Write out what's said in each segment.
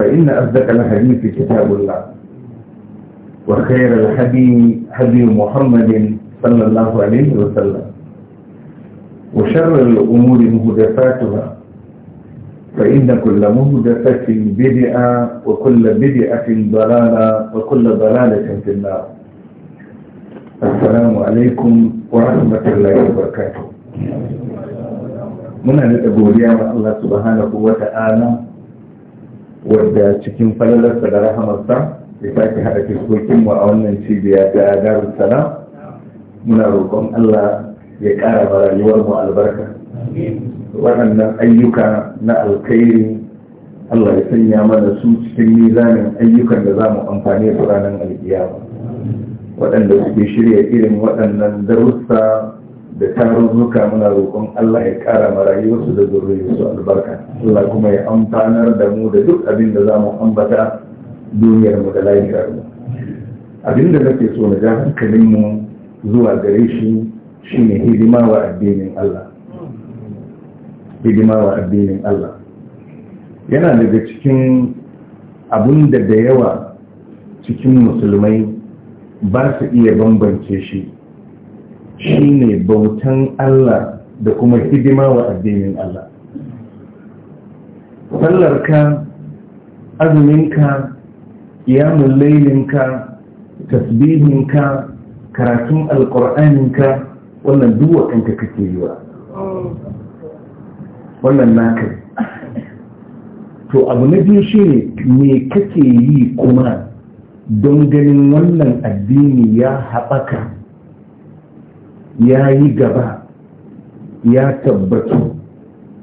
فإن أصدق الحديث كتاب الله وخير الحديث هدي محمد صلى الله عليه وسلم وشر الأمور مهدفاتها فإن كل مهدفة بدعة وكل بدعة ضلالة وكل ضلالة في النار السلام عليكم ورحمة الله وبركاته من أن تقول يا الله سبحانه وتعالى wadda cikin falalarsa da rahamarsa ya sake haɗa mu a wannan cibiya ta darun sana muna roƙon Allah ya ƙara ma mu albarka waɗannan ayyuka na alkhairi Allah ya sanya mana su cikin nizamin ayyukan da za mu amfani da ranar alkiyama waɗanda suke shirya irin waɗannan darussa da tarurruka muna roƙon Allah ya ƙara ma rayuwarsu da su albarka Allah kuma ya amfanar da mu da duk abin da za mu ambata duniyar mu da lafiyar mu abin da nake so na ja hankalin mu zuwa gare shi shine hidima wa addinin Allah hidima addinin Allah yana daga cikin abin da da yawa cikin musulmai ba su iya bambance shi shine bautan Allah da kuma hidima wa addinin Allah sallarka azuminka kiyamun lailinka tasbihinka karatun Alƙur'aninka, wannan duwa kanka kake yi wa wannan naka to abu na biyu shine me kake yi kuma don ganin wannan addini ya haɓaka ya yi gaba ya tabbatu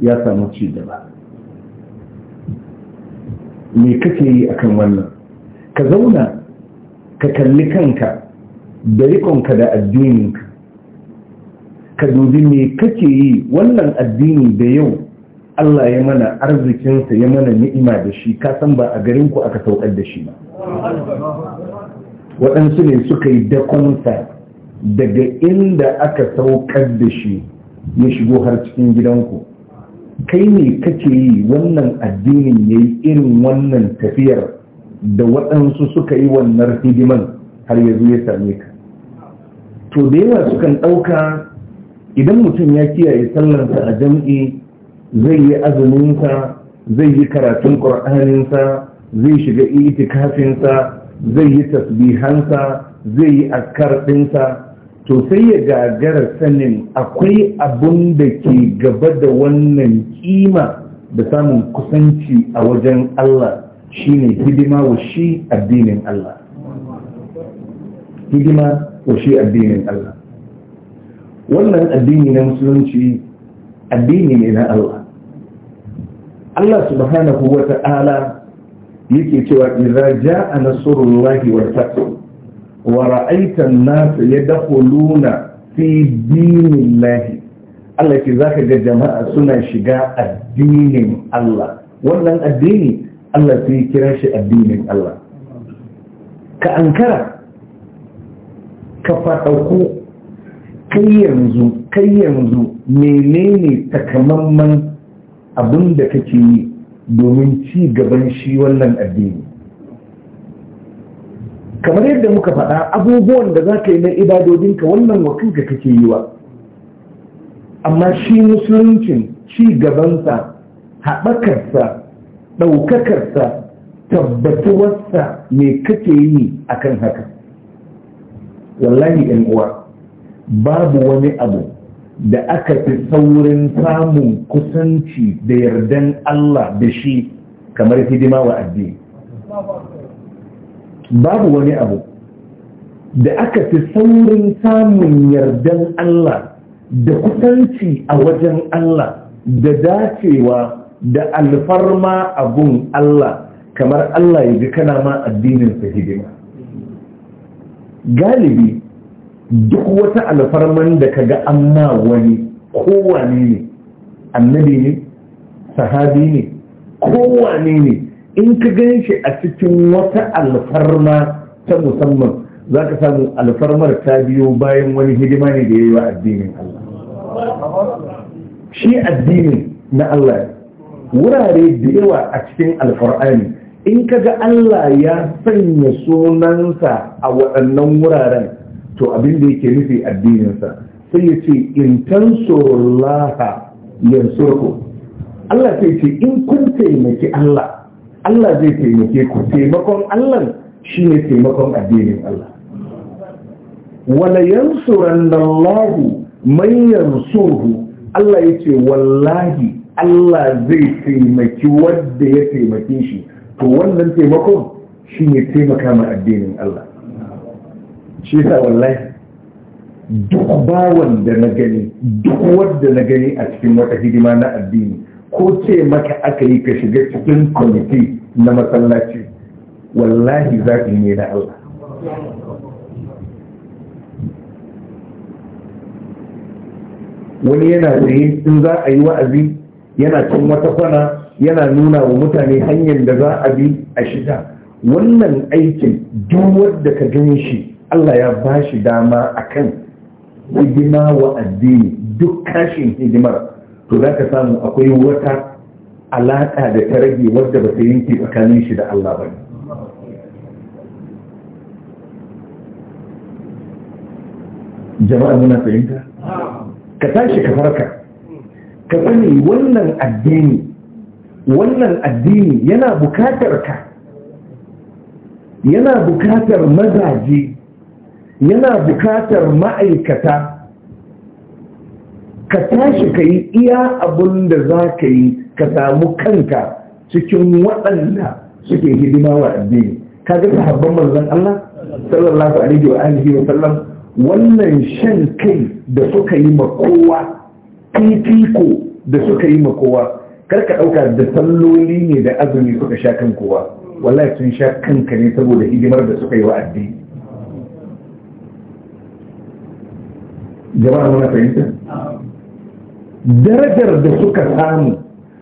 ya samu ci gaba me kake yi akan wannan ka zauna ka kalli kanka da rikonka da addininka ka dubi me kake yi wannan addini da yau Allah ya mana arzikinsa ya mana ni'ima da shi kasan ba a garinku aka saukar da shi ba waɗansu ne suka yi dakonsa daga inda aka saukar da shi ya shigo har cikin gidanku kai ne kake yi wannan addinin ya yi irin wannan tafiyar da waɗansu suka yi wannan hidiman har yanzu ya same ka to da yawa sukan ɗauka idan mutum ya kiyaye sallarsa a jam'i zai yi azuminsa zai yi karatun ƙur'aninsa zai shiga itikafinsa zai yi tasbihansa zai yi akkar ɗinsa to sai ya gagara sanin akwai abin da ke gaba da wannan kima da samun kusanci a wajen Allah shine hidima wa shi addinin Allah hidima wa shi addinin Allah wannan addini na musulunci addini ne na Allah Allah subhanahu wa ta'ala yake cewa idza a nasrullahi wa wa ra'aitan nasu ya dakhuluna fi dinillahi Allah ke zaka ga jama'a suna shiga addinin Allah wannan addini Allah sai kira shi addinin Allah ka ankara ka faɗauko kai yanzu kai yanzu menene takamaiman abin da kake yi domin ci gaban shi wannan addini kamar yadda muka faɗa abubuwan da za ka yi na ibadodinka wannan wakinka kake yi wa amma shi musuluncin ci gabansa haɓakarsa ɗaukakarsa tabbatuwarsa ne kake yi a kan haka wallahi yan uwa babu wani abu da aka fi saurin samun kusanci da yardan Allah da shi kamar hidima wa addini babu wani abu da aka fi saurin samun yardan Allah da kusanci a wajen Allah da dacewa da alfarma abun Allah kamar Allah ya ji kana ma addinin sa hidima galibi duk wata alfarman da kaga amma wani kowane ne annabi ne sahabi ne kowane ne in ka gan shi a cikin wata alfarma ta musamman za ka samu alfarmar ta biyo bayan wani hidima ne da ya yi wa addinin Allah shi addini na Allah wurare da yawa a cikin alfar'ani in ka ga Allah ya sanya sunansa a waɗannan wuraren to abin da yake nufi addininsa sai ya ce in tansurullaha yansurku Allah sai ce in kun taimaki Allah Allah zai taimake ku taimakon Allah shi ne taimakon addinin Allah wala yansuran Allahu manyan sohu, Allah ya ce wallahi Allah zai taimaki wanda ya taimake shi to wannan taimakon shi ne taimaka ma addinin Allah shi sa wallahi duk bawan da na gani duk wadda na gani a cikin wata hidima na addini ko ce maka aka yi ka shiga cikin kwamiti na masallaci wallahi za ka ne na Allah wani yana tsaye in za a yi wa'azi yana cin wata kwana yana nuna wa mutane hanyar da za a bi a shiga wannan aikin duk wadda ka gani shi Allah ya ba shi dama a kan hidima wa addini duk kashin hidimar to za ka samu akwai wata alaƙa da ta rage wadda ba ta yanke tsakanin shi da Allah ba jama'a nuna fahimta ka tashi ka farka ka sani wannan addini wannan addini yana bukatar ka yana bukatar mazaje yana bukatar ma'aikata ka tashi ka yi iya abin da za ka yi ka samu kanka cikin waɗanda suke hidima wa addini ka ga sahabban manzon Allah sallallahu alaihi wa alihi wa sallam wannan shan kai da suka yi ma kowa titiko da suka yi ma kowa kar ka ɗauka da salloli ne da azumi suka sha kan kowa wallahi sun sha kanka ne saboda hidimar da suka yi wa addini jama'a muna fahimta darajar da suka samu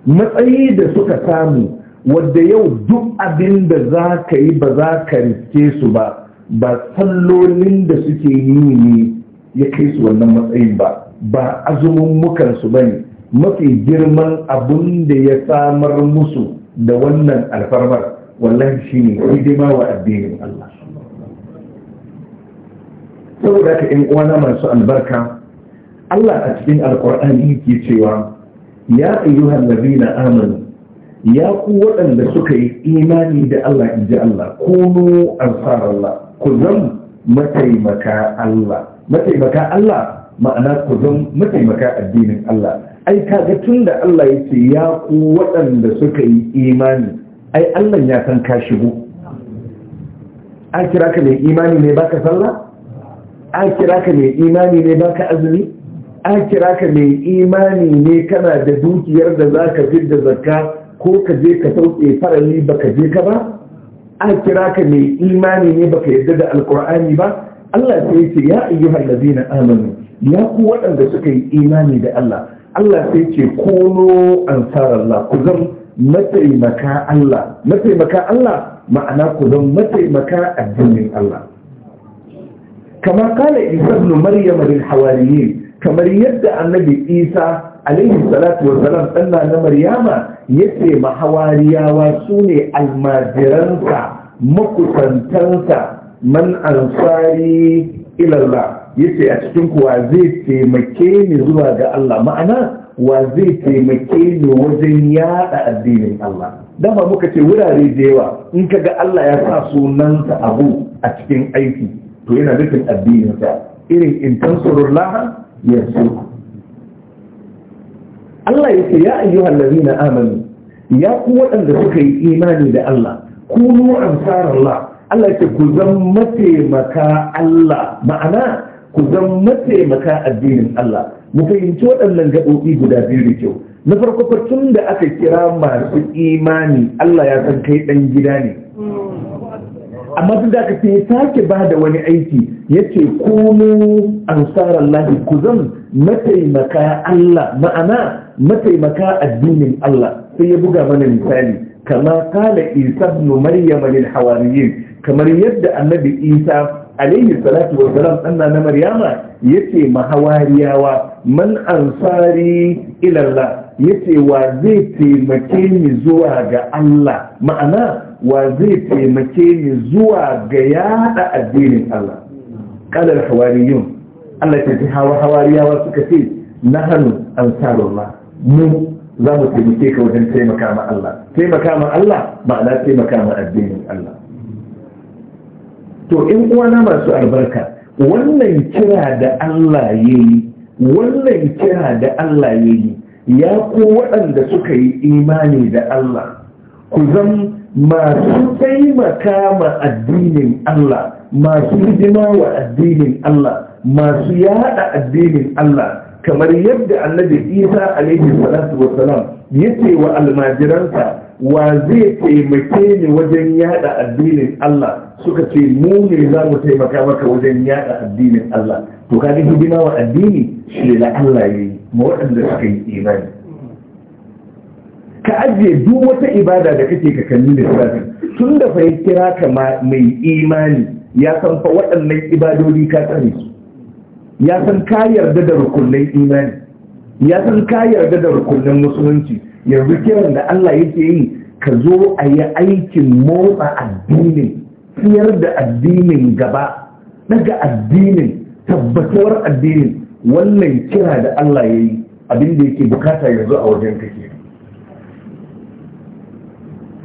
matsayi da suka samu wadda yau duk abin da za ka yi ba za ka riske su ba ba sallolin da suke yi ne ya kai su wannan matsayin ba ba azumin mukansu ba ne mafi girman abin da ya samar musu da wannan alfarmar wallahi shi ne hidima wa addinin Allah saboda ka 'yan uwana masu albarka Allah a cikin alƙur'ani ke cewa ya ayyuhan na amanu ya ku waɗanda suka yi imani da Allah in ji Allah kunu Allah ku zan mataimaka Allah mataimaka Allah ma'ana ku zan mataimaka addinin Allah ai kaga da Allah ce ya ku waɗanda suka yi imani ai Allah ya san ka shigo a kira ka mai imani ne baka sallah a kira ka mai imani ne baka azumi an kira ka mai imani ne kana da dukiyar da za ka fi da zakka ko ka je ka sauke farali ba ka je ka ba an kira ka mai imani ne ba ka yarda da alkur'ani ba Allah sai ce ya ayyuhal na amanu ya ku waɗanda suka yi imani da Allah Allah sai ce kono ansarallah ku zan mataimaka Allah mataimaka Allah ma'ana ku zan mataimaka addinin Allah kamar kala isa ibn maryam lil kamar yadda annabi isa alaihi salatu wassalam ɗanna na maryama ya ce mahawariyawa su ne almajiransa makusantansa man ansari ilallah ya ce a cikin kuwa zai taimake ni zuwa ga Allah ma'ana wa zai taimake ni wajen yada addinin Allah dama muka ce wurare da yawa in ka ga Allah ya sa sunansa abu a cikin aiki to yana nufin addininsa irin in yansu Allah ya ce ya ayyuhal na Amani, ya ku waɗanda suka yi imani da Allah ku kunu ansarallah Allah ya ce ku zan mataimaka Allah ma'ana ku zan mataimaka addinin Allah mu fahimci waɗannan gaɓoɓi guda biyu da kyau na farko tun da aka kira masu imani Allah ya san kai ɗan gida ne amma duk da aka ce ya sake ba da wani aiki ya ce kunu ansarallahi ku zan mataimaka Allah ma'ana mataimaka addinin Allah sai ya buga mana misali kama kala isa ibn maryam lil hawariyin kamar yadda annabi isa alaihi salatu wa salam anna na maryama yace mahawariyawa man ansari ila Allah yace wa zai taimake ni zuwa ga Allah ma'ana wa zai taimake ni zuwa ga yada addinin Allah qala hawariyun Allah ta ji hawa hawariyawa suka ce na nahanu ansarullah mu za mu taimake ka wajen taimaka ma Allah taimaka ma Allah ma'ana taimaka ma addinin Allah to in uwana masu albarka wannan kira da Allah yayi wannan kira da Allah yayi ya ku waɗanda suka yi imani da Allah ku zan masu taimaka ma addinin Allah masu hidima wa addinin Allah masu yada addinin Allah kamar yadda annabi Isa alaihi salatu ya yace wa almajiransa wa zai taimake ni wajen yada addinin Allah suka ce mu ne za mu taimaka maka wajen yada addinin Allah to kaga hidima wa addini shi da Allah ya yi ma waɗanda suka yi imani ka ajiye duk wata ibada da kake ka kalli da shafi tun da fa ya kira ka mai imani ya san fa waɗannan ibadodi ka tsare su ya san ka yarda da rukunin imani ya san ka yarda da rukunin musulunci yanzu kiran da Allah yake yi ka zo a yi aikin motsa addinin siyar da addinin gaba daga addinin tabbatuwar addinin wannan kira da Allah ya yi abin yake bukata yanzu a wajen kake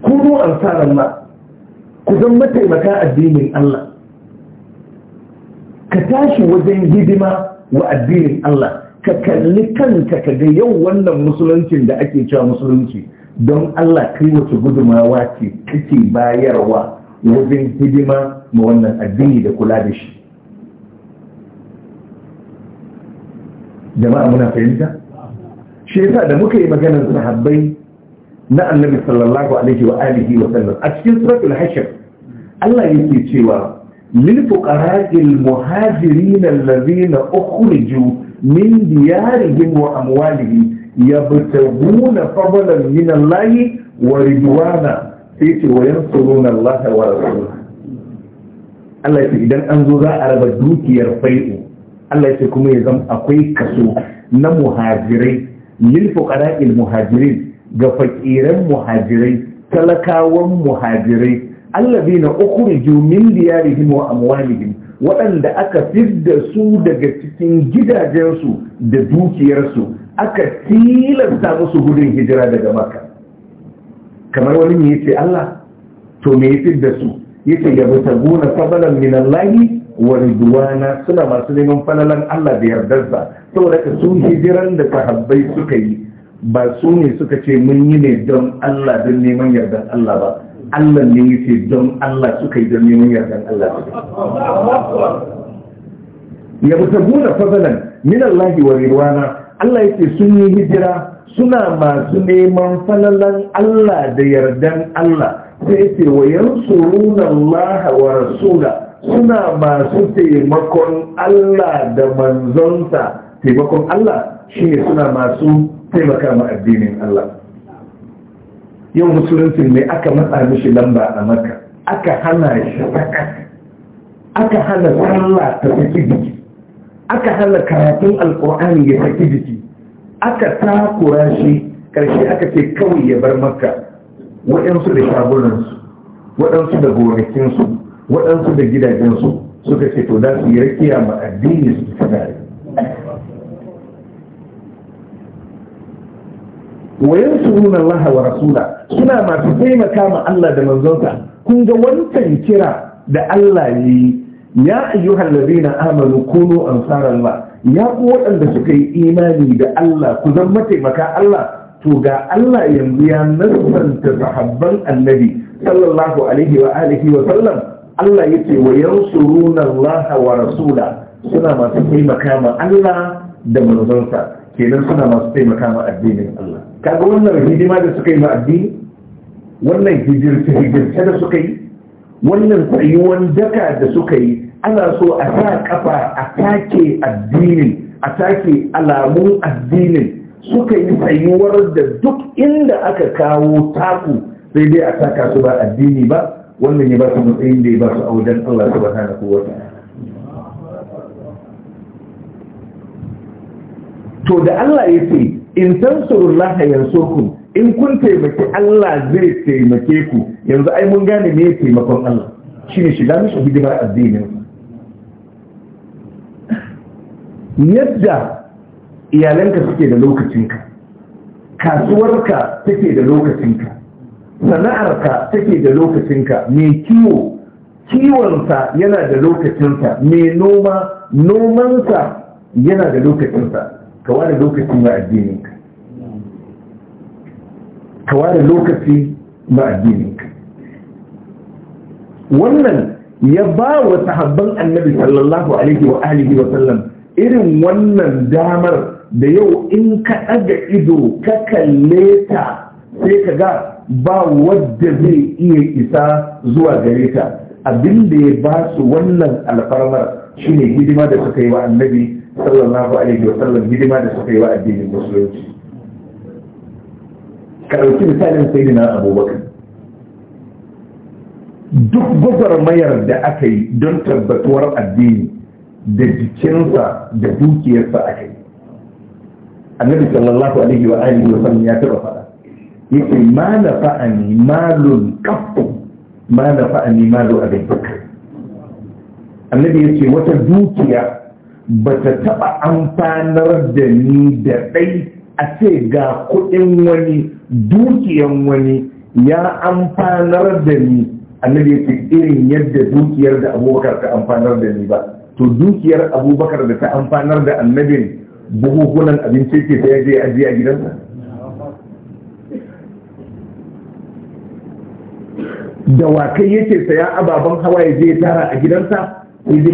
kuno ansaran ma ku zan mataimaka addinin Allah ka tashi wajen hidima wa addinin Allah ka kalli kanka ka ga yau wannan musuluncin da ake cewa musulunci don Allah kai wace gudumawa ce kake bayarwa wajen hidima ma wannan addini da kula da shi jama'a muna fahimta shi yasa da muka yi maganar sahabbai na annabi sallallahu alaihi wa alihi wa sallam a cikin suratul hashr Allah yake cewa lil fuqara'il muhajirin allazina ukhriju min diyarihim wa amwalihim yabtaguna fadlan min Allah wa ridwana sai ce wa yansuruna Allah wa rasulahu Allah yake idan an zo za a raba dukiyar fai'u Allah ya ce kuma ya zama akwai kaso na muhajirai lil fuqara'il muhajirin ga fakiran muhajirai talakawan muhajirai allazina ukhriju min diyarihim wa amwalihim waɗanda aka fidda su daga cikin gidajensu da dukiyarsu aka tilasta musu gudun hijira daga makka kamar wani ne yace Allah to me ya fidda su yace ya bi gona fadlan min Allah na suna masu neman falalan Allah da yardarsa saboda ka su hijiran da sahabbai suka yi ba su ne suka ce mun yi ne don Allah don neman yardan Allah ba Allah ne ya ce don Allah suka yi don neman yardan Allah ya mutabuna fadalan min Allah wa ridwana Allah yake sun yi hijira suna masu neman falalan Allah da yardan Allah sai ce wa yansuruna Allah wa rasula suna masu taimakon Allah da manzonta. taimakon Allah shi ne suna masu taimaka ma addinin Allah yau musulunci ne aka matsa mishi lamba a maka aka hana shi aka hana sallah ta saki jiki aka hana karatun alkur'ani ya saki jiki aka takura shi ƙarshe aka ce kawai ya bar maka waɗansu da shagunansu waɗansu da gonakinsu waɗansu da gidajensu suka ce to da su yi rakiya ma addini su ta gare wayan su nuna wa rasula suna masu taimaka ma Allah da manzonsa kun ga wancan kira da Allah yi ya ayyuhal ladina amanu kunu ba. ya ku waɗanda suka yi imani da Allah ku zan mataimaka Allah to ga Allah yanzu ya nasanta sahabban annabi sallallahu alaihi wa alihi wa sallam Allah ce wa yansuruna laha wa rasula suna masu taimaka ma Allah da manzonsa kenan suna masu taimaka ma addinin Allah kaga wannan hidima da suka yi ma addini wannan hijirce hijirce da suka yi wannan tsayuwan daka da suka yi ana so a sa kafa a take addinin a take alamun addinin suka yi tsayuwar da duk inda aka kawo taku sai dai a saka su ba addini ba wannan ya ba su matsayin da ya ba su a wajen Allah ta na kowa ta. to da Allah ya ce in san tansurullah yansurkum in kun taimake Allah zai taimake ku yanzu ai mun gane me taimakon Allah ne shiga mishi hidimar addinin yadda iyalanka suke da lokacinka kasuwarka take da lokacinka sana'arka take da lokacinka mai kiwo kiwonsa yana da lokacinsa mai noma nomansa yana da lokacinsa ka ware lokaci ma addininka ka ware lokaci ma addininka wannan ya ba wa sahabban annabi sallallahu alaihi wa alihi wa sallam irin wannan damar da yau in ka ɗaga ido ka kalle ta sai ka ga ba wadda zai iya isa zuwa gare ta abinda ya ba su wannan alfarmar shine hidima da suka yi wa annabi sallallahu alaihi wa sallam hidima da suka yi wa addinin musulunci ka ɗauki misalin sai na abubakar duk gwagwarmayar da aka yi don tabbatuwar addini da jikinsa da dukiyarsa aka yi annabi sallallahu alaihi wa alihi wa sallam ya taɓa faɗa yake ma na fa'ani malon kafu ma na fa'ani malu abin bakar annabi ya ce wata dukiya ba ta taɓa amfanar da ni da ɗai a ce ga kuɗin wani dukiyan wani ya amfanar da ni annabi ya ce irin yadda dukiyar da abubakar ta amfanar da ni ba to dukiyar abubakar da ta amfanar da annabin buhuhunan abinci ke ta yaje ajiye a gidansa dawakai yake saya ababen hawa ya je ya tara a gidansa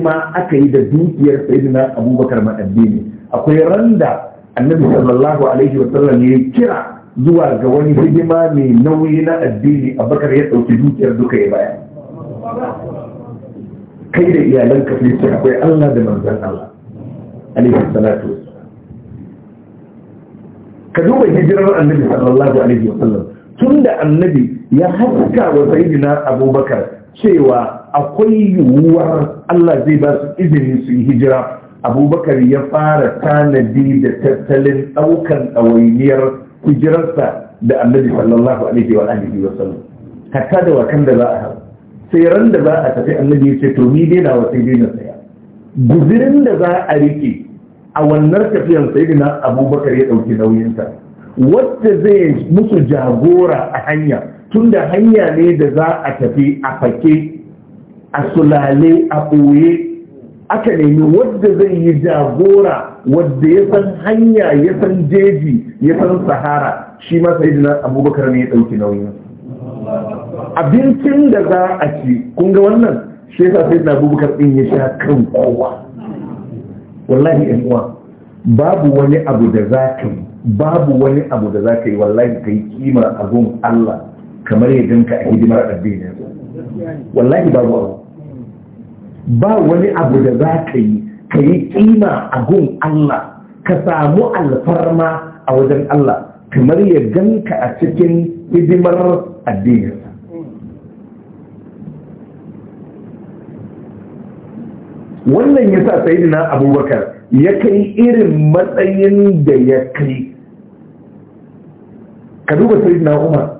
ma aka yi da dukiyar sayyidina abubakar madaddini akwai randa annabi sallallahu alaihi wa sallam ya kira zuwa ga wani hidima mai nauyi na addini abubakar ya dauki dukiyar duka ya baya kai da iyalan ka sai ce akwai Allah da manzon Allah alaihi salatu ka duba hijirar annabi sallallahu alaihi wasallam tun da annabi ya haska wa na abubakar cewa akwai yiwuwar Allah zai ba su izini su yi hijira abubakar ya fara tanadi da tattalin ɗaukan ɗawainiyar hijirarsa da annabi sallallahu alaihi wa alihi wa sallam hatta da wakan da za a hau sai ran da za a tafi annabi ya ce to ni dai na wasai dai na saya guzirin da za a rike a wannan tafiyar na abubakar ya ɗauki nauyinsa wadda zai musu jagora a hanya tun da hanya ne da za a tafi a fake a sulale a ɓoye aka nemi wadda zai yi jagora wadda ya san hanya ya san jeji ya san sahara shi ma sai abubakar ne ya ɗauki nauyin abincin da za a ci kun ga wannan shi yasa sai abubakar ɗin ya sha kan kowa wallahi yan uwa babu wani abu da za ka yi babu wani abu da za ka yi wallahi ka yi kima a gun Allah kamar ya ganka a hidimar addinin wallahi ba wani abu da za ka yi ka yi kima a gun Allah ka samu alfarma a wajen Allah kamar ya ganka a cikin hidimar addinin wannan ya sa sayidina abubakar ya kai irin matsayin da ya kai ka duba sayidina umar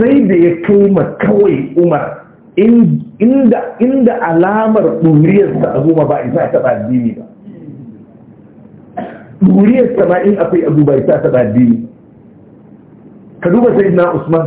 sai da ya kai ma kawai umar inda alamar ɗuriyarsa a goma ba a isa taɓa addini ba ɗuriyarsa ma in akwai abu ba isa taɓa addini ka duba sai na usman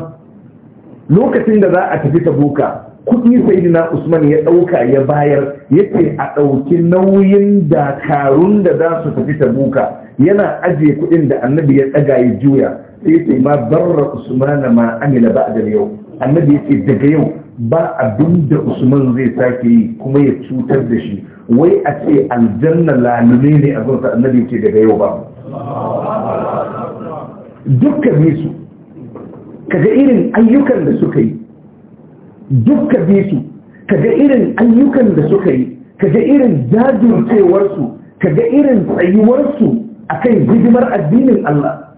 lokacin da za a tafi ta boka kudi sai na usman ya ɗauka ya bayar ya ce a ɗauki nauyin dakarun da za su tafi ta boka yana ajiye kuɗin da annabi ya ɗaga ya juya sai yace ma barra usmana ma amila ba'da yau annabi yace daga yau ba abin da usman zai sake yi kuma ya cutar da shi wai a ce aljanna lalune ne a gunsa annabi yace daga yau ba dukkan su kaga irin ayyukan da suka yi Dukka su kaga irin ayyukan da suka yi kaga irin jajircewarsu kaga irin tsayuwarsu akan hidimar addinin Allah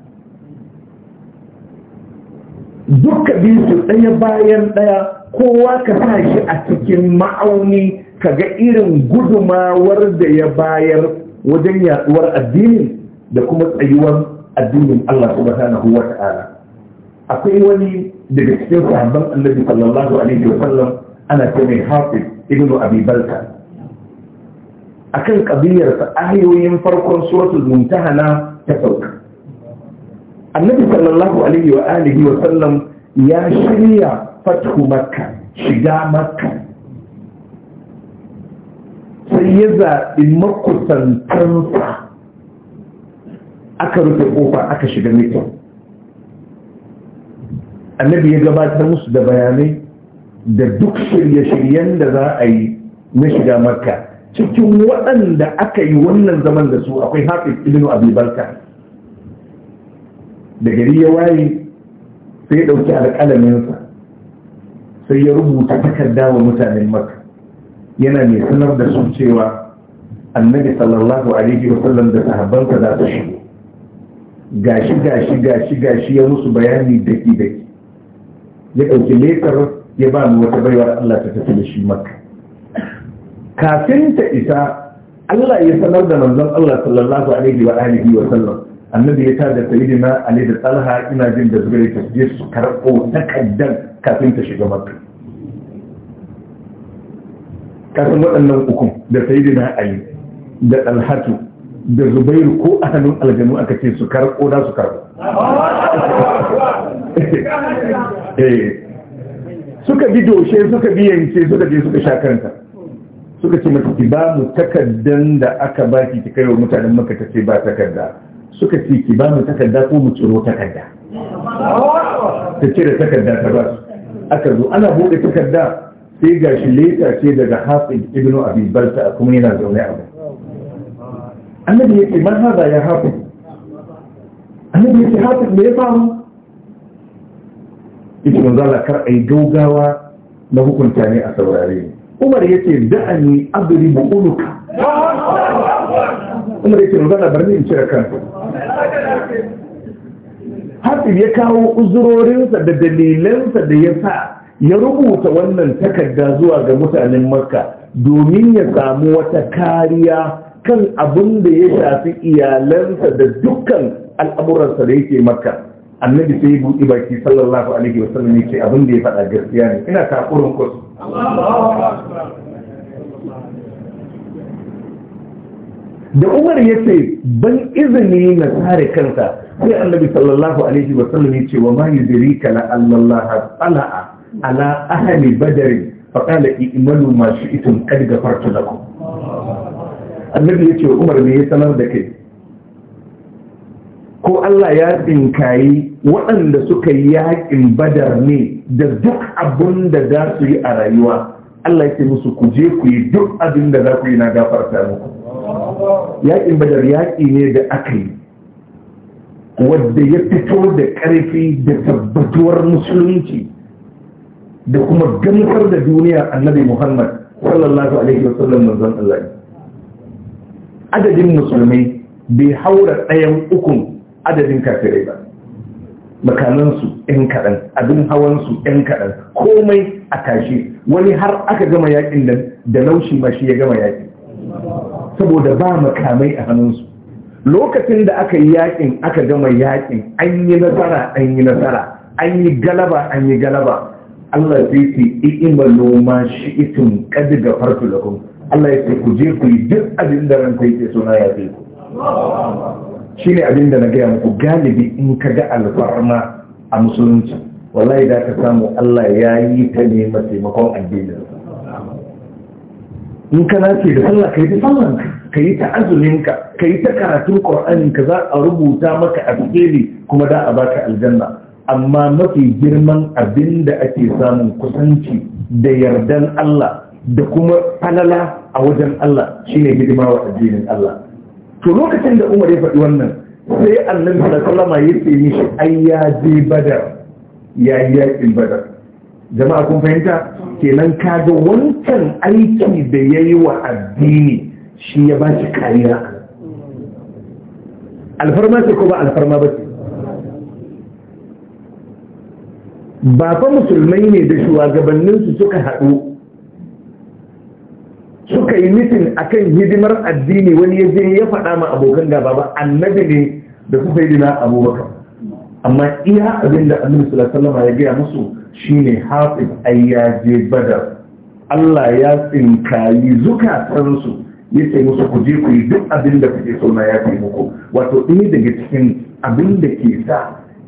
duka biyu su ɗaya bayan ɗaya kowa ka sa shi a cikin ma'auni ka ga irin gudumawar da ya bayar wajen yaduwar addini da kuma tsayuwar addinin Allah subhanahu wa ta'ala akwai wani daga cikin sahabban annabi sallallahu alaihi wa sallam ana ce mai hafiz ibn abi balka akan kabiyar sa ayoyin farkon suratul mumtahana ta sauka annabi sallallahu alaihi wa alihi wa sallam ya shirya fathu makka shiga makka sai ya zaɓi makusantansa aka rufe ƙofa aka shiga mitin annabi ya gabatar musu da bayanai da duk shirye-shiryen da za a yi na shiga makka cikin waɗanda aka yi wannan zaman da su akwai hafiz ibn barka. da gari ya waye sai ya ɗauki alƙalaminsa sai ya rubuta takarda wa mutanen maka yana mai sanar da su cewa annabi sallallahu alaihi wa sallam da sahabbansa za su shigo gashi gashi gashi gashi ya musu bayani daki daki ya ɗauki letar ya ba mu wata da Allah ta tafi da shi maka kafin ta isa Allah ya sanar da manzon Allah sallallahu alaihi wa alihi wa sallam annabi ya ta da sayyidina ali da talha ina jin da Zubairu ta je su karɓo takaddan kafin ta shiga makka kasan waɗannan ukun da sayyidina ali da talhatu da zubairu ko a hannun aljanu aka ce su karɓo da su karɓo eh, suka bi doshe suka bi yanke suka je suka sha kanta suka ce mata ki ba mu takaddan da aka baki ki kai wa mutanen maka ta ce ba takarda suka ce ki ba mu takarda ko mu ciro takarda ta cire takarda ta ba su aka zo ana buɗe takarda sai ga shi leta ce daga hafin ibnu abi balta kuma yana zaune a ba annabi yake man haza ya hafin annabi ya ce hafin me ya faru Ita manzo Allah kar a yi gaugawa na hukunta ne a saurare Umar ya ce a yake da'ani adribu unuka Umar ya ce manzo Allah bar ni in cire kanka hatsib ya kawo uzurorinsa da dalilansa da ya sa ya rubuta wannan takarda zuwa ga mutanen makka domin ya samu wata kariya kan abin da ya shafi iyalansa da dukkan al'amuransa da yake makka annabi sai buɗi baki sallallahu alaihi wasallam yake abin da ya faɗa gaskiya ne ina takurin kus da umar ya ce ban izini na sare kansa sai annabi sallallahu alaihi wa sallam yace wa ma yudrika la allah ala ala ahli badr fa qala i'malu ma shi'tum qad ghafartu lakum annabi yace umar ne ya sanar da kai ko Allah ya dinkayi waɗanda suka yi yaƙin badar ne da duk abun da za su yi a rayuwa Allah yake musu ku je ku yi duk abin da za ku yi na gafarta muku yaƙin badar yaƙi ne da aka yi wadda ya fito da ƙarfi da tabbatuwar musulunci da kuma gamsar da duniya annabi muhammad sallallahu alaihi wasallam manzon Allah adadin musulmi bai haura ɗayan ukun adadin kafirai ba makamansu 'yan kaɗan abin hawansu 'yan kaɗan komai a tashi wani har aka gama yaƙin da laushi ma shi ya gama yaƙi saboda ba makamai a hannunsu lokacin da aka yi yakin aka gama yaƙin, an yi nasara an yi nasara an yi galaba an yi galaba Allah ya ce ima shi itin kadi ga farko da kuma. Allah ya ce ku je ku yi duk abin da ranka yake so na yafe ku ne abin da na gaya muku galibi in ka ga alfarma a musulunci wallahi da ka samu Allah ya yi ta ne taimakon addinin in kana ce da sallah kai da sallanka ka yi ta azuminka ka yi ta karatun ƙur'ani ka za a rubuta maka a kuma da a baka aljanna amma mafi girman abin da ake samun kusanci da yardan Allah da kuma falala a wajen Allah shine hidima wa addinin Allah to lokacin da Umar ya faɗi wannan sai annabi sallallahu alaihi ya ce mishi ai ya je badar ya yi badar jama'a kun fahimta kenan kaga wancan aiki da yayi wa addini shi ya ba ki kariya alfarma ce ko ba alfarma ba ce ba musulmai ne da shugabanninsu suka haɗu suka yi mitin akan hidimar addini wani ya je ya faɗa ma abokan gaba ba annabi ne da kuka yi dina abubakar amma iya abin da annabi sallallahu ya gaya musu shine hafiz ayyaje badar Allah ya tsinkayi zukatansu yake musu ku je ku yi duk abin da kuke so na ya fi muku wato ɗaya daga cikin abin da ke sa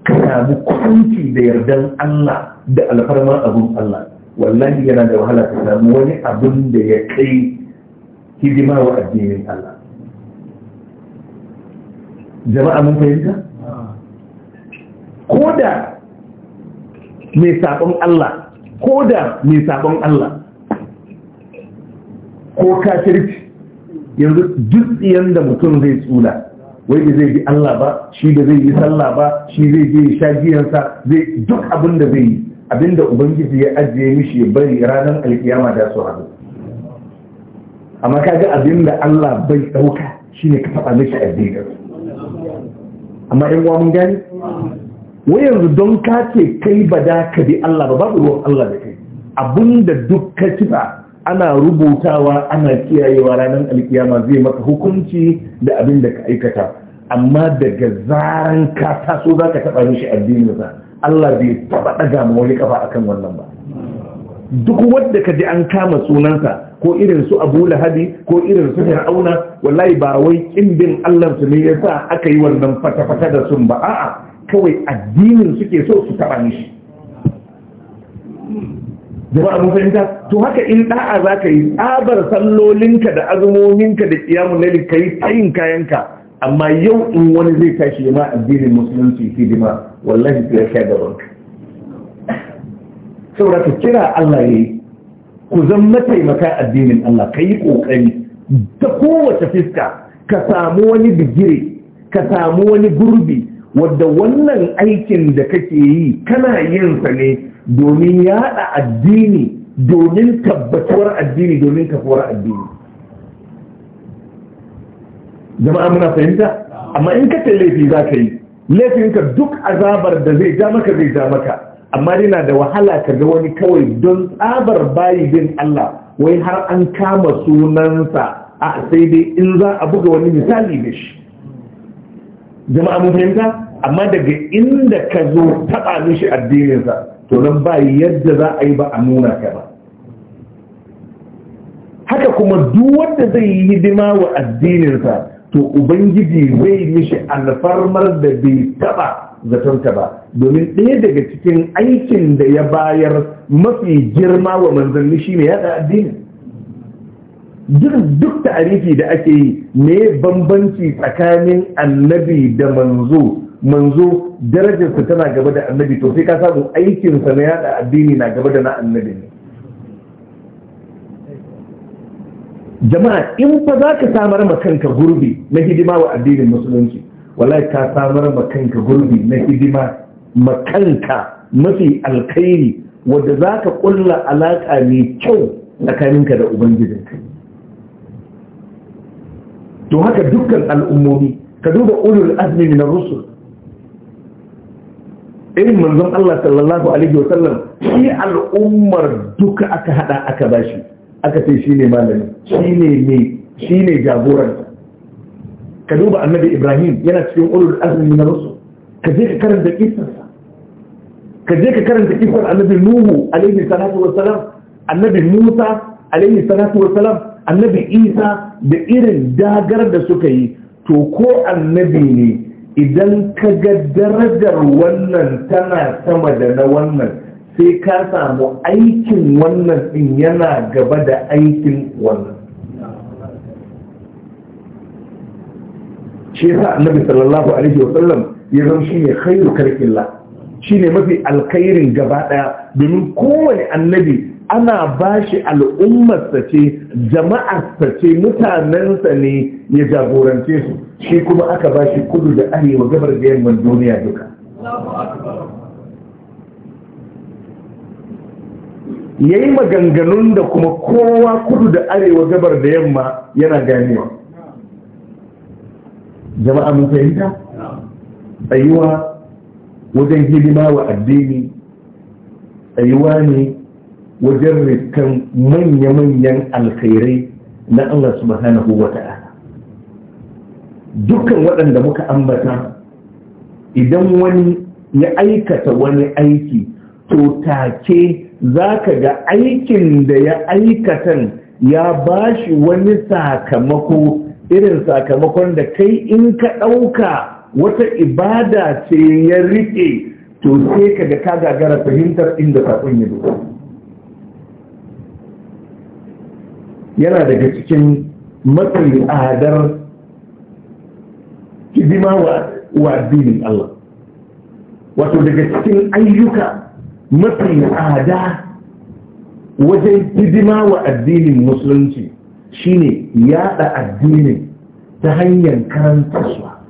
ka samu kwanci da yardan Allah da alfarma abin Allah wallahi yana da wahala ka samu wani abin da ya kai hidima wa addinin Allah jama'a mun fahimta ko da mai sabon Allah ko da mai sabon Allah ko kafirci yanzu duk tsiyan da mutum zai tsula wai da zai bi Allah ba shi da zai yi sallah ba shi zai je sha giyansa zai duk abin da zai yi abin da ubangiji ya ajiye mishi ya bari ranar alkiyama da su hadu amma kaga abin da Allah bai ɗauka shine ka faɗa mishi addinin amma in mun gani wai yanzu don ka ce kai ba da ka bi Allah ba babu ruwan Allah da kai da duk ka ci ba ana rubutawa ana kiyayewa ranar alkiyama zai maka hukunci da abin da ka aikata amma daga zaran ka taso za ka taɓa mishi sa Allah bai taba ɗaga ma wani kafa akan wannan ba duk wanda ka ji an kama sunansa ko irin su abu lahabi ko irin su fir'auna wallahi ba wai kin bin Allah su ne yasa aka yi wannan fata-fata da sun ba a'a kawai addinin suke so su taɓa mishi jama'a mun fahimta to haka in da'a za ka yi tsabar sallolinka da azumominka da kiyamun na ka yi tsayin kayanka amma yau in wani zai tashi ma addinin musulunci dima wallahi sai ya da ranka saboda ka kira Allah yayi ku zan mataimaka addinin Allah ka yi kokari ta kowace fiska ka samu wani bigire ka samu wani gurbi wadda wannan aikin da kake yi kana yin sa ne domin yada addini domin tabbatuwar addini domin tafuwar addini jama'a muna fahimta amma in ka laifi za ka yi laifinka duk azabar da zai ja maka zai ja maka amma yana da wahala ka ga wani kawai don tsabar bayi bin Allah wai har an kama sunansa a sai dai in za a buga wani misali da shi jama'a mun fahimta amma daga inda ka zo taɓa mishi addininsa to nan ba yadda za a yi ba a nuna ka ba haka kuma duk wanda zai yi hidima wa addininsa to ubangiji zai mishi alfarmar da bai taba zatonta ba domin ɗaya daga cikin aikin da ya bayar mafi girma wa manzanni shine yaɗa addini. duk tarihi da ake yi ne bambanci tsakanin annabi da manzo manzo darajarsa tana gaba da annabi to sai ka samu aikinsa na yada addini na gaba da na annabi ne jama'a in fa za ka samar ma kanka gurbi na hidima wa addinin musulunci wallahi ka samar ma kanka gurbi na hidima ma mafi alkhairi wadda za ka kulla alaƙa mai kyau tsakaninka da ubangijinka to haka dukkan al'ummomi ka duba ulul azmi na rusul irin manzon Allah sallallahu alaihi wasallam shi al'ummar duka aka hada aka bashi aka ce shi ne malami shi ne mai shi ne jagoran ka duba annabi Ibrahim yana cikin ulul azmi na rusul ka je ka karanta kisarsa ka je ka karanta kisan annabi Nuhu alaihi salatu Salam, annabi Musa alaihi salatu Salam, annabi Isa da irin dagar da suka yi to ko annabi ne idan ka ga darajar wannan tana sama da na wannan sai ka samu aikin wannan din yana gaba da aikin wannan shi yasa annabi sallallahu alaihi wa sallam ya zama shine khairu karkilla shine mafi alkhairin gaba daya domin kowane annabi ana ba shi al'ummarsa ce jama'arsa ce mutanensa ne ya jagorance su shi kuma aka ba shi kudu da arewa gabar da yamman duniya duka ya yi maganganun da kuma kowa kudu da arewa gabar da yamma yana ganewa jama'a mun fahimta tsayuwa wajen hidima wa addini tsayuwa ne wajen rikan manya-manyan alkhairai na Allah subhanahu wa ta'ala dukkan waɗanda muka ambata idan wani ya aikata wani aiki to take za ka ga aikin da ya aikatan ya ba shi wani sakamako irin sakamakon da kai in ka ɗauka wata ibada ce ya riƙe to sai ka ga ka gagara fahimtar inda ka ya zo yana daga cikin mafi adar hidima wa addinin Allah wato daga cikin ayyuka mafi ada wajen hidima wa addinin musulunci shine yada addinin ta hanyar karantarwa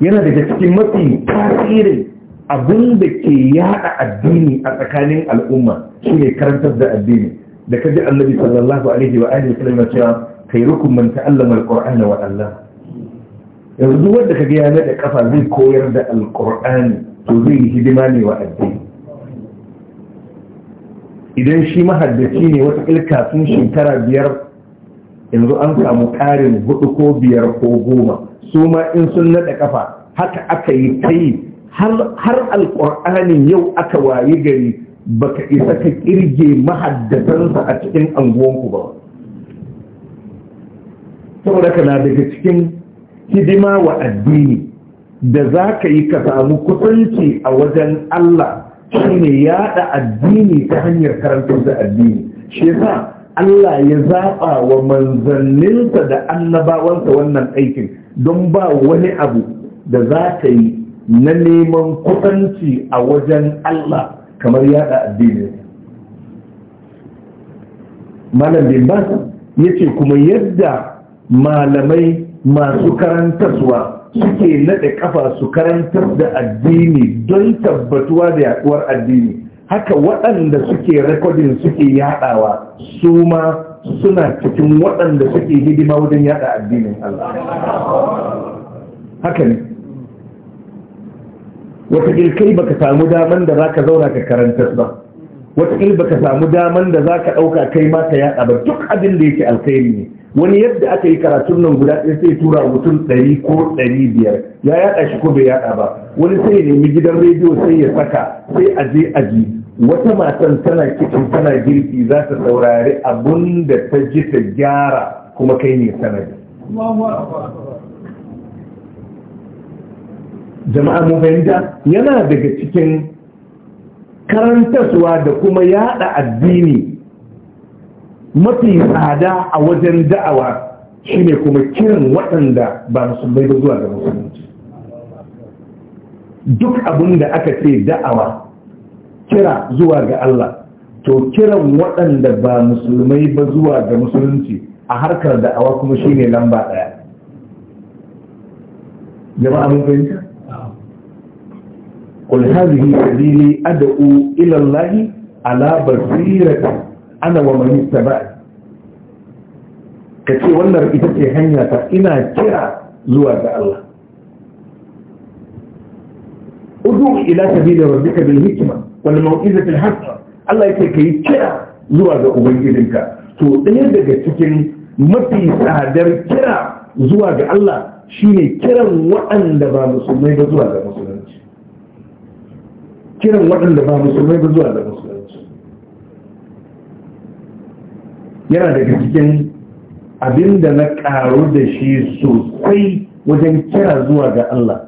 yana daga cikin mafi tasirin abinda da ke yada addini a tsakanin al'umma shine karantar da addini da ji annabi sallallahu alaihi wa alihi wasallam cewa khairukum man ta'allama alqur'ana wa 'allama yanzu wanda kaga ya nada kafa zai koyar da alqur'ani to zai yi hidima ne wa addini idan shi mahaddaci ne wata ilka sun shekara biyar yanzu an samu ƙarin hudu ko biyar ko goma su ma in sun nada kafa haka aka yi ta yi har Alƙur'ani yau aka wayi gari baka isa ka kirge mahaddatansa a cikin anguwanku ba saboda na daga cikin hidima wa addini da za ka yi ka samu kusanci a wajen Allah shine yada addini ta hanyar karantar da addini shi yasa Allah ya zaɓa wa manzanninsa da annabawansa wannan aikin don ba wani abu da za ka yi na neman kusanci a wajen Allah kamar yada addini malam bin bas ya ce kuma yadda malamai masu karantarwa suke nade kafa su karantar da addini don tabbatuwa da yaduwar addini haka waɗanda suke rekodin suke yadawa su ma suna cikin waɗanda suke hidima wajen yada addinin Allah haka ne wataƙil kai baka samu daman da zaka zauna ka karantar ba wataƙil baka samu daman da zaka ɗauka kai ma ka yaɗa ba duk abin da yake alkhairi ne wani yadda aka yi karatun nan guda ɗaya sai tura mutum ɗari ko ɗari biyar ya yaɗa shi ko bai yaɗa ba wani sai ya nemi gidan rediyo sai ya saka sai a je a ji wata matan tana kicin tana girki za ta saurari abun da ta ji ta gyara kuma kai ne sanadi. jama'a mu fahimta yana daga cikin karantaswa da kuma yada addini mafi tsada a wajen da'awa shine kuma kiran waɗanda ba musulmai ba zuwa ga musulunci duk abinda aka ce da'awa kira zuwa ga Allah to kiran waɗanda ba musulmai ba zuwa ga musulunci a harkar da'awa kuma shine lamba ɗaya jama'a mun fahimta qul hadhihi sabili ad'u ila allahi ala basirati ana wa man ittaba'ani ka ce wannan ita ce hanya ta ina kira zuwa ga Allah udu ila sabili rabbika bil hikma wal mau'izati al hasana Allah yake kai kira zuwa ga to daga cikin mafi tsadar kira zuwa ga Allah shine kiran waɗanda ba musulmai ba zuwa ga musulmai kiran waɗanda ba musulmai ba zuwa da musulunci yana daga cikin abin da na ƙaru da shi sosai wajen kira zuwa ga Allah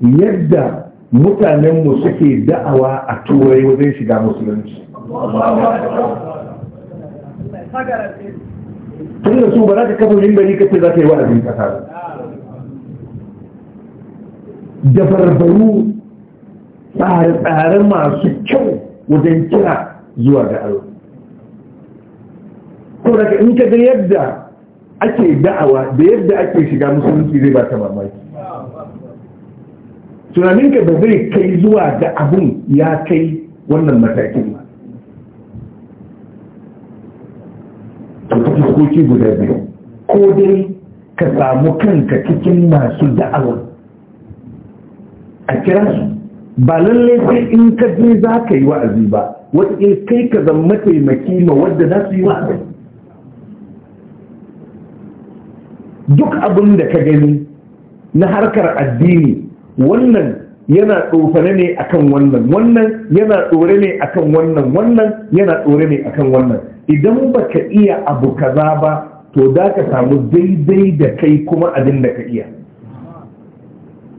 yadda mutanenmu suke da'awa a turai wajen shiga musulunci tun da su ba za ka kafa mimbari ka ce za ka yi wa'azin kasa da barbaru tsare-tsare masu kyau wajen kira zuwa ga Allah. Ko daga in ka ga yadda ake da'awa da yadda ake shiga musulunci zai ba ta mamaki. Tunaninka ba zai kai zuwa ga abun ya kai wannan matakin ba. fuskoki guda biyu ko dai ka samu kanka cikin masu da'awa a kira su ba lalle sai in ka je za ka yi wa'azi ba wata kai ka zama taimaki ma wadda za su yi wa'azi duk abin da ka gani na harkar addini wannan yana tsofane ne akan wannan wannan yana tsore ne akan wannan wannan yana tsore ne akan wannan idan ba ka iya abu kaza ba to da ka samu daidai da kai kuma abin da ka iya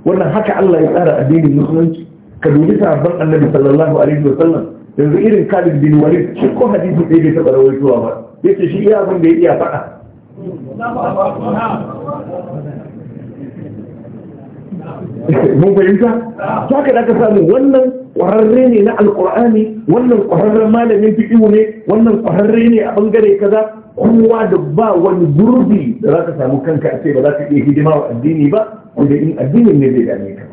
wannan haka Allah ya tsara addinin musulunci ka dubi sahabban annabi sallallahu alaihi wa sallam yanzu irin Khalid bin Walid shi ko hadisi ɗaya bai taɓa rawaitowa ba ce shi iya abin da ya iya faɗa mun fahimta ta ka da ka samu wannan ƙwararre ne na alƙur'ani wannan ƙwararren malamin fiƙiwu ne wannan ƙwararre ne a ɓangare kaza kowa da ba wani gurbi da za ka samu kanka a ce ba za ka iya hidima wa addini ba ko da in addinin ne zai dame ka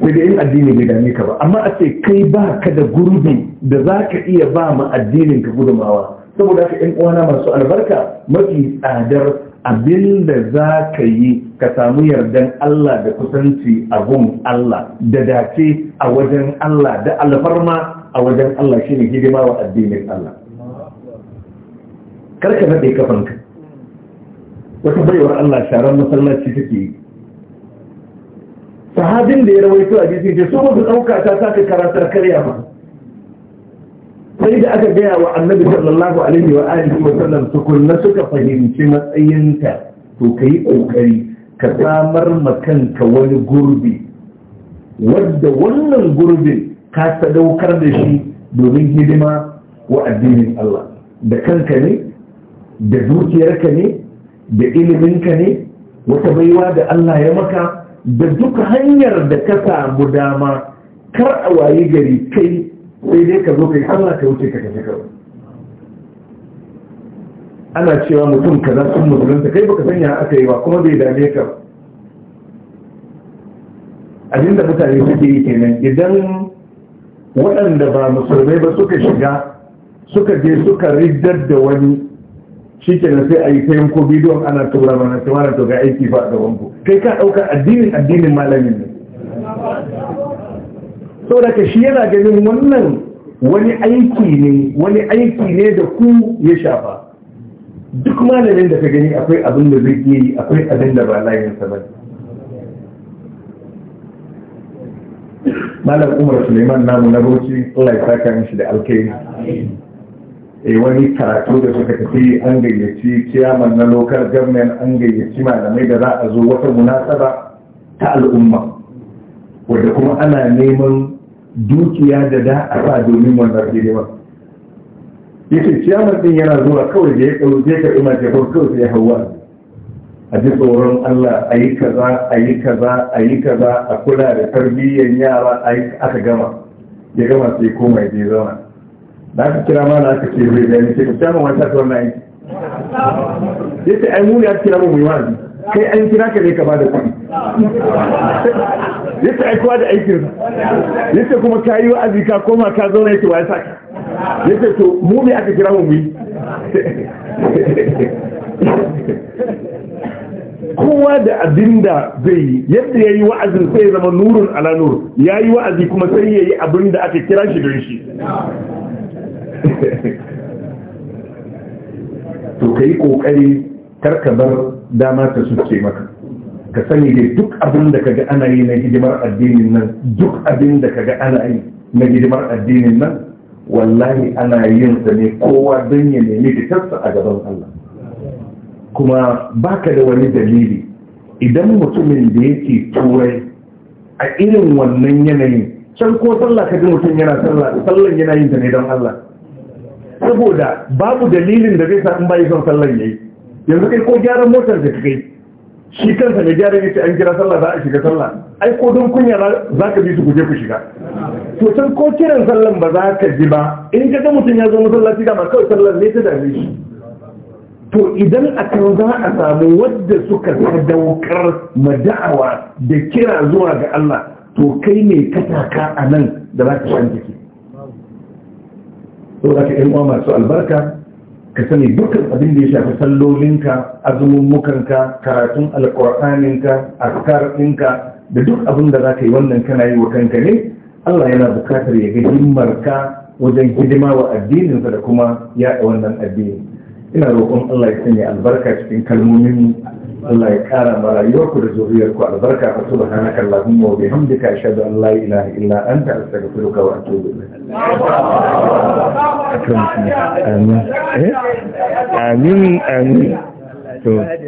sai dai addini bai dame ka ba amma a ce kai ba ka da gurbi da za ka iya ba ma addinin ka gudumawa saboda ka yan uwana masu albarka mafi tsadar abin da za ka yi ka samu yardan Allah da kusanci a Allah da dace a wajen Allah da alfarma a wajen Allah shine hidima wa addinin Allah karka nade kafanka wata baiwar Allah sharan masallaci take yi sahabin da ya rawaito a jisi ce su ba su ɗauka ta sake karatar karya ba sai da aka gaya wa annabi sallallahu alaihi wa alihi wa sallam tukunna suka fahimci matsayinta to ka yi ƙoƙari ka samar ma kanka wani gurbi wadda wannan gurbin ka sadaukar da shi domin hidima wa addinin Allah da kanka ne da dukiyarka ne da iliminka ne wata baiwa da Allah ya maka da duk hanyar da ka samu dama kar a wayi gari kai sai dai ka zo kai Allah ka wuce ka tafi kawai ana cewa mutum ka za sun musulunta kai baka sanya aka yi ba kuma bai dame ka Abin da mutane suke yi kenan idan waɗanda ba musulmai ba suka shiga suka je suka riddar da wani shi ke sai a yi ta yanko bidiyon ana tura mana ta mana to ga aiki fa a gaban ku kai ka ɗaukar addinin addinin malamin ne saboda ka shi yana ganin wannan wani aiki ne wani aiki ne da ku ya shafa duk malamin da ka gani akwai abin da zai yi akwai abin da ba layinsa ba malam umar suleiman namu na bauchi allah ya saka mishi da alkhairi Eh, wani karatu da suka tafi an gayyaci ciyaman na local government an gayyaci malamai da za a zo wata munasaba ta al'umma wadda kuma ana neman dukiya da da a sa domin wannan hidima yake ciyaman din yana zuwa kawai da ya zai ka ima ke kawai sai hawa a ji tsoron Allah a yi kaza a yi kaza a yi kaza a kula da tarbiyyar yara aka gama ya gama sai koma ya zama da aka kira ma da aka ce zai gani ce ku samun wata ta wannan aiki ya ce ai muni ya kira mu mai wani kai an kira ka ne ka ba da kuɗi ya ce ai kowa da aikin ya ce kuma ka yi wa'azi ka koma ka zauna ya wasa wa ya ka ya ce to mu ne aka kira mu mu yi kowa da abin da zai yi yadda ya yi wa'azin sai zama nurun ala nur ya yi wa'azi kuma sai ya yi abin da aka kira shi don shi to ka yi ƙoƙari bar dama ta suke maka ka sani da duk abin da kaga ana yi na hidimar addinin nan duk abin da kaga ana yi na hidimar addinin nan wallahi ana yin sa ne kowa don ya nemi fitarsa a gaban Allah kuma baka da wani dalili idan mutumin da yake turai a irin wannan yanayin can ko sallah ka ji mutum yana sallah sallan yana yin ta ne don Allah saboda babu dalilin da zai sa in bayi son sallan yayi yanzu kai ko gyaran motar da kai shi kansa gyara gyaran yace an kira sallah za a shiga sallah ai ko don kunya za ka bi su guje ku shiga to san ko kiran sallan ba za ka ji ba in ka ga mutum ya zo masallaci da ma kawai sallan ne ta dame shi to idan a kan za a samu wadda suka sadaukar mada'awa da kira zuwa ga Allah to kai ne kataka anan da za ka shan jiki saboda ka uwa masu albarka ka sani dukkan abin da ya shafi sallolinka azumummukanka karatun alƙur'aninka askar ɗinka da duk abin da za ka yi wannan kana yi wa kanka ne Allah yana buƙatar ya ga himmarka wajen hidima wa addininsa da kuma yaɗa wannan addini ina roƙon Allah ya sanya albarka cikin kalmomin Allah ya kara ma rayuwarku da zuriyarku albarka fa subhanaka allahumma wa bihamdika ashhadu an la ilaha illa anta astaghfiruka wa atubu ilaik amin amin amin to